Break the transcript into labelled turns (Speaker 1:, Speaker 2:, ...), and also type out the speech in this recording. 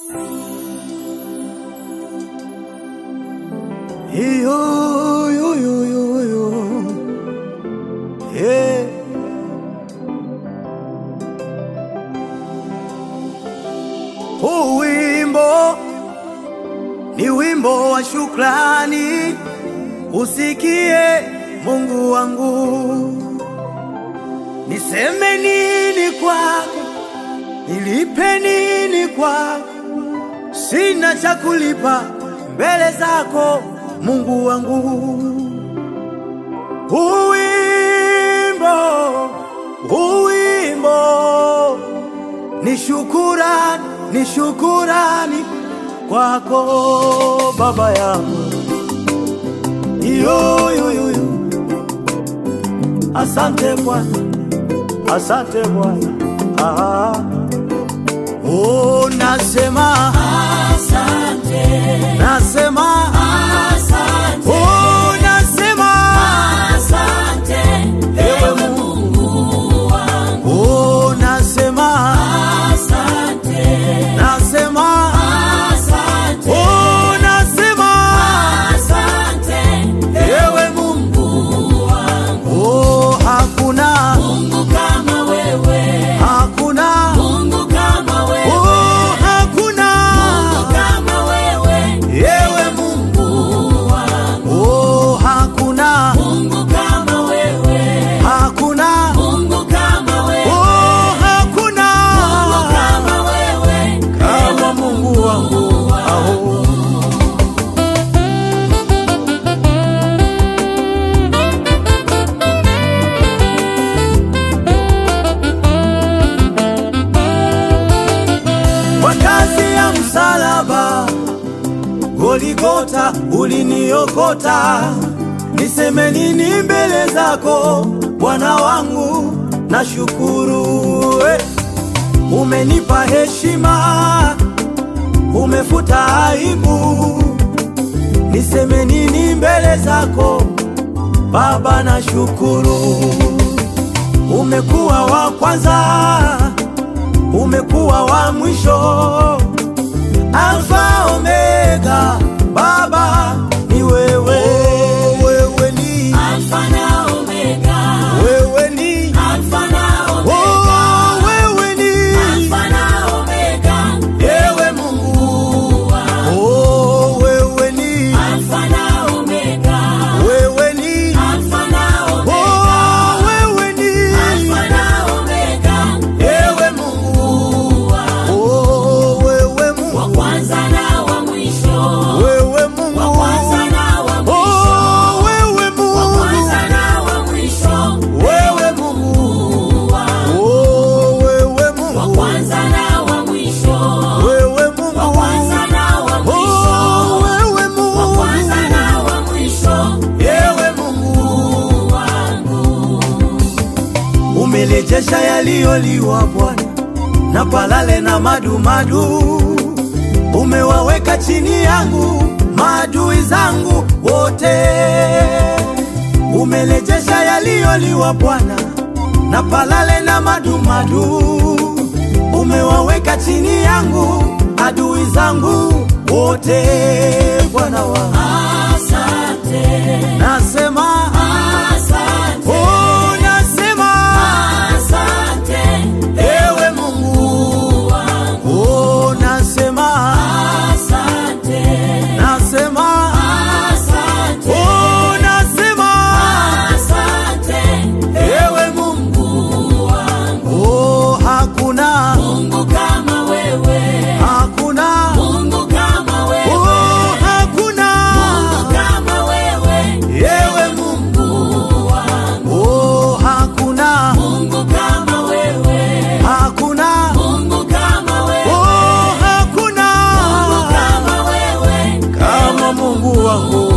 Speaker 1: Huu ni wimbo wa shukrani, usikie Mungu wangu. Niseme nini kwako? Nilipe nini kwako? sina cha kulipa mbele zako Mungu wangu. Uwimbo, uwimbo ni shukurani, ni shukurani kwako Baba yangu. Yuyuyuyu, asante Bwana, asante Bwana, ah, unasema oh, uliniokota, uliniokota. Niseme nini mbele zako Bwana wangu? Nashukuru we, umenipa heshima, umefuta aibu. Niseme nini mbele zako Baba? Nashukuru, umekuwa wa kwanza, umekuwa wa mwisho Alfa Umerejesha yaliyoliwa Bwana, na palale na madumadu. Umewaweka chini yangu maadui zangu wote. umelejesha yaliyoliwa Bwana, na palale na madumadu. Umewaweka chini yangu adui zangu wote, Bwana wangu. arroz.